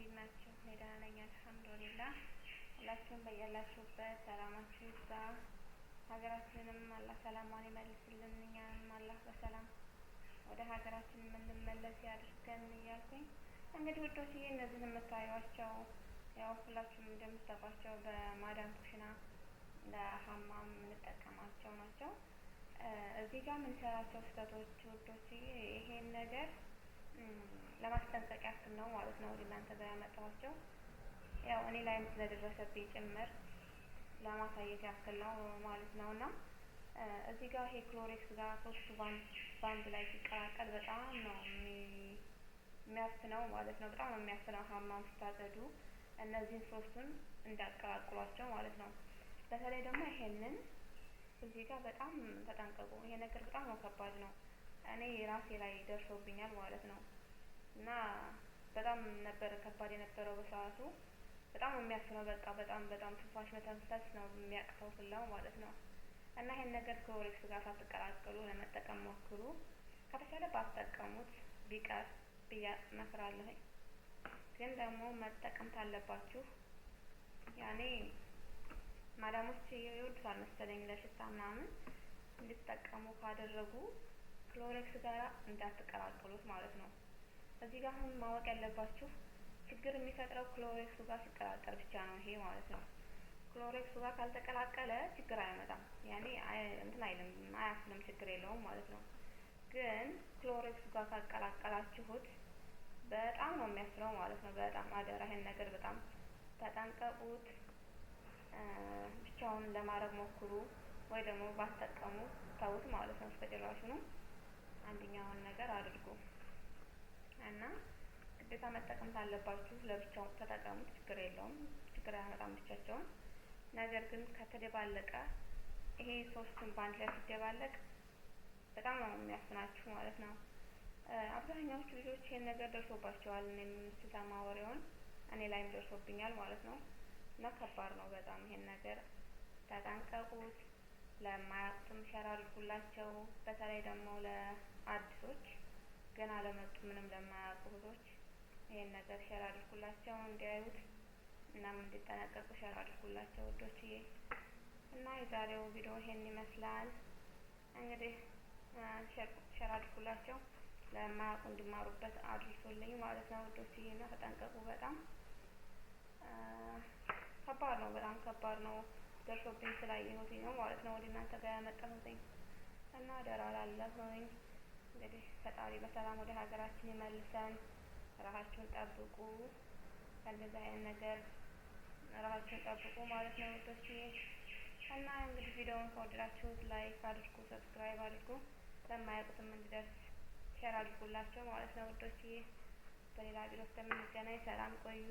እንዴት ናችሁ? እኔ ደህና ነኝ አልሐምዱሊላህ። ሁላችሁም በያላችሁበት ሰላማችሁ ይብዛ። ሀገራችንንም አላህ ሰላሟን ይመልስልን፣ እኛንም አላህ በሰላም ወደ ሀገራችን የምንመለስ ያድርገን እያልኩኝ እንግዲህ ውዶች ይህ እነዚህን የምታዩቸው ያው ሁላችሁም እንደምታውቋቸው በማዳም ኩሽና ለሀማም የምንጠቀማቸው ናቸው። እዚህ ጋር የምንሰራቸው ስህተቶች ውዶች ይሄን ነገር ሲያክል ነው ማለት ነው ወደ እናንተ ጋር ያመጣኋቸው። ያው እኔ ላይም ስለደረሰብኝ ጭምር ለማሳየት ያክል ነው ማለት ነው እና እዚህ ጋር ይሄ ክሎሬክስ ጋር ሶስቱ ባንድ ላይ ሲቀላቀል በጣም ነው የሚያፍነው ማለት ነው። በጣም ነው የሚያፍነው ሀማም ስታጸዱ እነዚህን ሶስቱን እንዳቀላቅሏቸው ማለት ነው። በተለይ ደግሞ ይሄንን እዚህ ጋር በጣም ተጠንቀቁ። ይሄ ነገር በጣም ነው ከባድ ነው። እኔ ራሴ ላይ ደርሶብኛል ማለት ነው። እና በጣም ነበር ከባድ የነበረው በሰዓቱ በጣም የሚያፍነው ነው በቃ በጣም በጣም ትንፋሽ መተንፈስ ነው የሚያቅተው ሁላ ማለት ነው እና ይሄን ነገር ከኦሬክስ ጋር ሳትቀላቀሉ ለመጠቀም ሞክሩ ከተቻለ ባትጠቀሙት ቢቀር ብያ እመክራለሁኝ ግን ደግሞ መጠቀም ታለባችሁ። ያኔ ማዳሞች ይወዱታል መሰለኝ ለሽታ ምናምን እንዲጠቀሙ ካደረጉ ክሎሬክስ ጋር እንዳትቀላቀሉት ማለት ነው እዚህ ጋር አሁን ማወቅ ያለባችሁ ችግር የሚፈጥረው ክሎሬክሱ ጋር ሲቀላቀል ብቻ ነው ይሄ ማለት ነው ክሎሬክሱ ጋር ካልተቀላቀለ ችግር አይመጣም። ያኔ እንትን አይልም አያፍልም ችግር የለውም ማለት ነው ግን ክሎሬክሱ ጋር ካቀላቀላችሁት በጣም ነው የሚያስለው ማለት ነው በጣም አደራ ይሄን ነገር በጣም ተጠንቀቁት ብቻውን ለማድረግ ሞክሩ ወይ ደግሞ ባትጠቀሙ ተውት ማለት ነው እስከ ነው አንደኛውን ነገር እና ግዴታ መጠቀም ካለባችሁ ለብቻው ተጠቀሙት ችግር የለውም ችግር አያመጣም ብቻቸውን ነገር ግን ከተደባለቀ ይሄ ሶስቱን በአንድ ላይ ሲደባለቅ በጣም ነው የሚያፍናችሁ ማለት ነው አብዛኛዎቹ ልጆች ይሄን ነገር ደርሶባቸዋል እኔም ስሰማ ወሬውን እኔ ላይም ደርሶብኛል ማለት ነው እና ከባድ ነው በጣም ይሄን ነገር ተጠንቀቁት ለማያውቁትም ሸር አድርጉላቸው በተለይ ደግሞ ለአዲሶች ገና ለመጡ ምንም ለማያውቁ ብዙዎች ይሄን ነገር ሸር አድርጉላቸው እንዲያዩት እናም እንዲጠነቀቁ ሸር አድርጉላቸው ውዶችዬ። እና የዛሬው ቪዲዮ ይሄን ይመስላል እንግዲህ ሸር አድርጉላቸው ለማያውቁ እንዲማሩበት አድርሱልኝ ማለት ነው ውዶችዬ። እና ተጠንቀቁ። በጣም ከባድ ነው፣ በጣም ከባድ ነው። ደርሶብኝ ስላየሁትኝ ነው ማለት ነው ወደ እናንተ ጋር ያመጣሁትኝ እና ደራላለሁኝ እንግዲህ ፈጣሪ በሰላም ወደ ሀገራችን ይመልሰን። ራሳችሁን ጠብቁ፣ ከእንደዚህ አይነት ነገር ራሳችሁን ጠብቁ ማለት ነው ውዶች። እና እንግዲህ ቪዲዮውን ከወደዳችሁት ላይክ አድርጉ፣ ሰብስክራይብ አድርጉ፣ ለማያውቁትም እንዲደርስ ሼር አድርጉላቸው ማለት ነው ውዶች። በሌላ ቪዲዮ እስከምንገናኝ ሰላም ቆዩ።